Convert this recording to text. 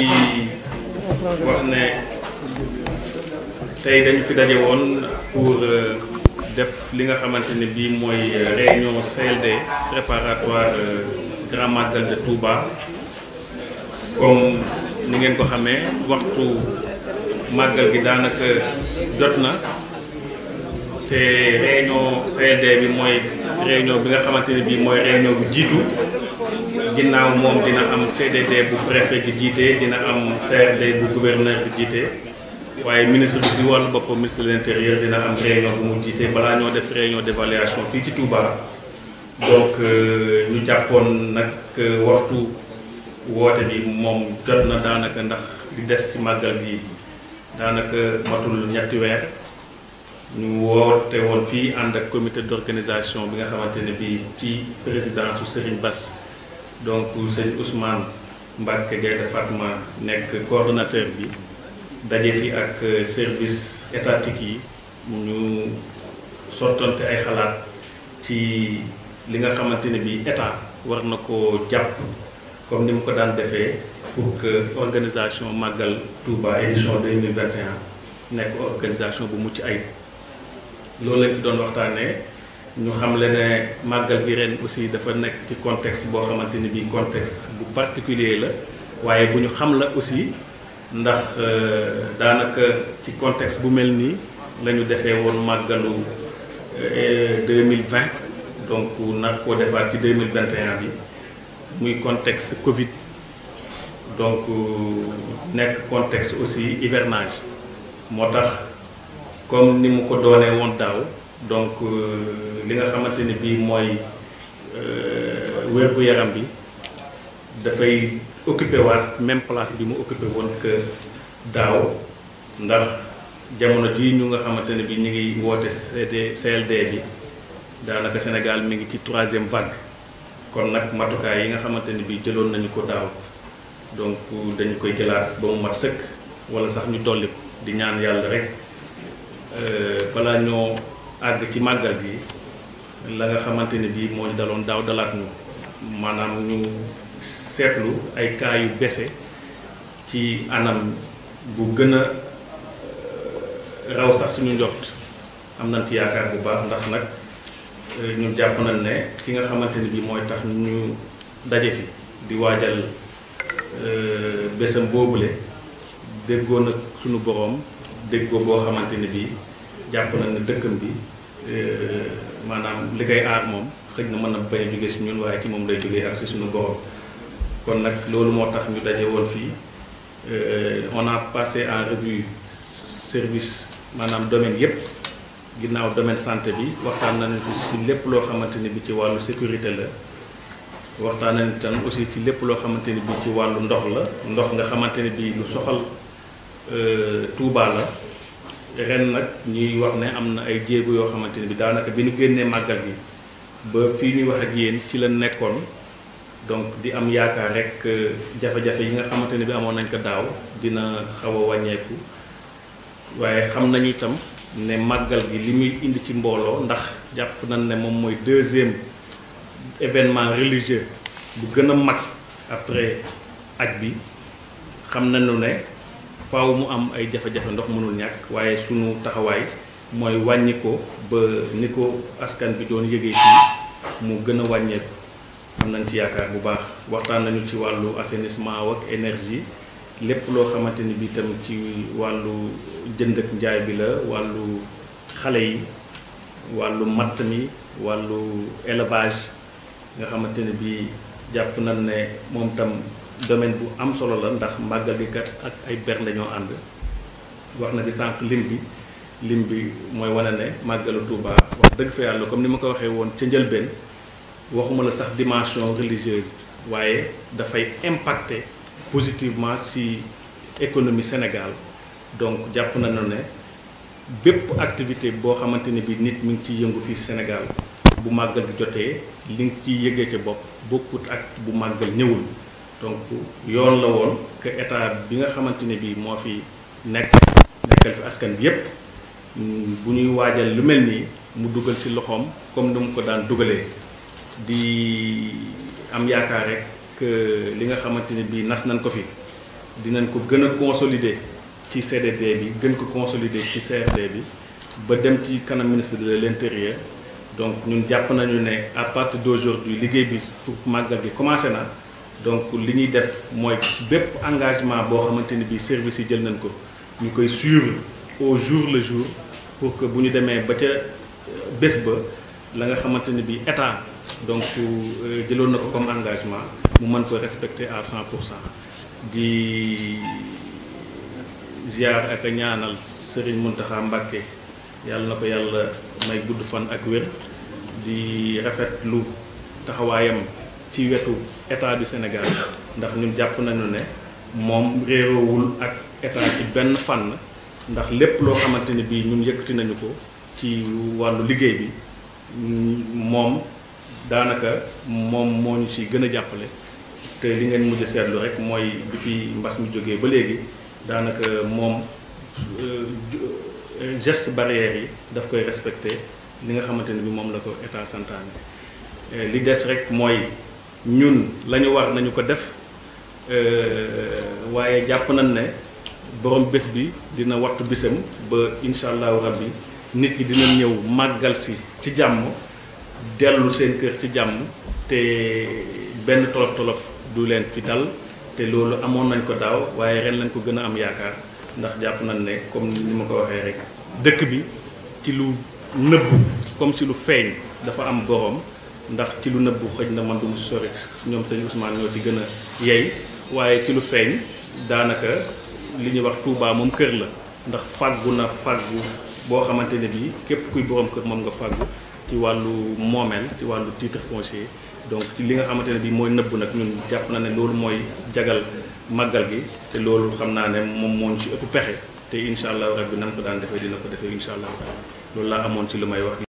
di wax ne tey dañu fi daje woon pour euh, def li nga xamante ne bii mooy euh, réunion CLD préparatoire euh, grand magal de Touba comme ni ngeen ko xamee waxtu màggal gi daanaka jot na. te réunion CRD bi mooy réunion bi nga xamante ne bii mooy réunion bu jiitu ginnaaw moom dina am CDD bu préfet bi jiite dina am CRD bu gouverneur bi jiite waaye ministre bi si wàllu boppam ministre l'intérieur dina am réunion bu mu jiite balaa ñoo def réunion d'évaluation fii ci Touba. donc euh, ñu jàppoon nag waxtu woote bi moom jot na daanaka ndax di des ci màggal bi daanaka matul ñetti weer. ñu te woon fii ànd ak comité d'organisation bi nga xamante ne bii ci présidence su Serigne Bass donc sëñ Ousmane Mbacke Gaynde Fatma nekk coordonnateur bi daje fi ak euh, service étatique yi ñu sottante ay xalaat ci li nga xamante ne bii état war na ko jàpp comme ni mu ko daan defee pour que organisation màggal Touba édition 2021 nekk organisation bu mucc ayib loolu lañ fi doon waxtaanee ñu xam le ne màggal bi ren aussi dafa nekk ci contexte boo xamante ni bii contexte bu particulier la waaye bu ñu xam la aussi ndax euh, daanaka ci contexte bu mel nii la ñu defee woon màggalu 2020 euh, donc nag koo defaat ci 2021 bi muy contexte Covid donc euh, nekk contexte aussi hivernage moo tax. comme ni mu ko doone won daaw donc euh, li nga xamanteni euh, bi moy euh wër bu yaram bi fay occuper wat même place bi mu occuper won que daw ndax jamono ji ñu nga xamanteni bi ñi ngi wote CD CLD bi naka Sénégal mi ngi ci 3e vague kon nak matuka yi nga xamanteni bi jëlon nañu ko daw donc dañ koy jëlat ba mu mat sëkk wala sax ñu dolli di ñaan yalla rek Euh, balaa ñoo àgg ci màggal gi la nga xamante ne bii moo daloon daaw dalaat ñu maanaam ñu seetlu ay cas yu bese ci anam bu gën a euh, raw sax suñu njort am na ci yaakaar bu baax ndax nag euh, ñu jàpp nañ ne ki nga xamante ne bii mooy tax ñu daje fi di waajal bésam boobule déggoon ak suñu boroom. déggoo boo xamante ne bii jàpp na ne dëkkam bi euh, maanaam li koy aar moom xëj na mën na bañ a jóge si ñun waaye ci moom lay jógee ak si suñu borom kon nag loolu moo tax ñu daje woon fii euh, on a passé en revue service maanaam domaine yépp ginnaaw domaine santé bi waxtaan nañu ci lépp loo xamante ni bi ci wàllu sécurité la waxtaan nañu tam aussi ci lépp loo xamante ni bi ci wàllu ndox la ndox nga xamante ne bi lu soxal Euh, Touba la ren nag ñuy wax ne am na ay jéego yoo xamante ne bi daanaka bi nu génnee màggal gi ba fii ñuy wax ak yéen ci la nekkoon donc di am yaakaar rek jafe-jafe yi nga xamante ne bi amoon nañ ko daaw dina xaw a wàññeeku waaye xam nañu itam ne màggal gi li muy indi ci mbooloo ndax jàpp nañ ne moom mooy deuxième événement religieux bu gën a mag après aj bi xam nañu ne faaw mu am ay jafe-jafe ndox mënul ñàkk waaye suñu taxawaay mooy wàññi ko ba ni ko askan bi doon yëgee mu gën a wàññeeku am nañ ci yaakaar bu baax waxtaan nañu ci wàllu assainissement ak énergie lépp loo xamante ni bii tam ci wàllu jënd ak njaay bi la wàllu xale yi wàllu matt mi wàllu élevage nga xamante ne bii jàpp nañ ne moom tam. domaine bu am solo la ndax màggal gi kat ak ay bernde ñoo ànd wax na di sànq lim bi lim bi mooy wane ne màggalu Touba wax dëgg fa yàlla comme ni ma ko waxee woon ca njëlbeen waxuma la sax dimension religieuse waaye dafay impacter positivement ci économie Sénégal donc jàpp nañu ne bépp activité boo xamante ni bi nit mi ngi ciy yëngu fii Sénégal bu màggal gi jotee li nga ciy yëgee ca bopp bokkut ak bu màggal ñëwul donc yoon la woon que état bi nga xamante ne bii moo fi nekk nekkal fi askan bi yépp bu ñuy waajal lu mel nii mu dugal ci loxoom comme ni mu ko daan dugalee di am yaakaar rek que li nga xamante ne bii nas nañ ko fi dinañ ko gën a consolider ci CDD bi gën ko consolider ci CRD bi ba dem ci kanam ministre de l'intérieur donc ñun jàpp nañu ne à partir d'aujourd'hui liggéey bi pour màggal bi commencé na donc li ñuy def mooy bépp engagement boo xamante ni bii service yi jël nañ ko ñu koy suivre au jour le jour pour que bu ñu demee ba ca euh, bés ba la nga xamante ni bii état donc euh, jëloon na ko comme engagement mu mën ko respecter à 100 pour cent di ziar ak ñaanal Serigne Moutaha Mbacké yàlla na ko yàlla may gudd fan ak wér di rafetlu taxawaayam. ci wetu état du Sénégal ndax ñun jàpp nañu ne moom réeroowul ak état ci benn fànn ndax lépp loo xamante ni bii ñun yëkkati nañu ko ci wàllu liggéey bi moom daanaka moom moo ñu ci gën a jàppale te li ngeen mujj seetlu rek mooy bi fi mbas mi jógee ba léegi daanaka moom euh, geste barrière yi daf koy respecté li nga xamante ne bi moom la ko état santaane li des rek mooy ñun la ñu war nañu ko def euh, waaye jàpp nañ ne borom bés bi dina wattu bisam ba incha allahu rabbi nit ñi dina ñëw màggal si ci jàmm dellu seen kër ci jàmm te benn tolof tolof du leen fi dal te loolu amoon nañ ko daaw waaye ren lañ ko gën a am yaakaar ndax jàpp nañ ne comme ni ma ko waxee rek dëkk bi ci lu nëbb comme si lu feeñ dafa am boroom ndax ci lu nëbbu xëj na man du mu sori ñoom sëñ Ousmane ñoo ci gën a yey waaye ci lu feeñ daanaka li ñuy wax Touba moom kër la ndax fàggu na fàggu boo xamante ne bii képp kuy borom kër moom nga fàggu ci wàllu moomeel ci wàllu titre foncier donc ci li nga xamante ne bii mooy nëbbu nag ñun jàpp na ne loolu mooy jagal màggal gi te loolu xam naa ne moom moo ci ëpp pexe te incha allah rabbi nan ko daan defee dina ko defee incha allah loolu laa amoon ci lu may wax.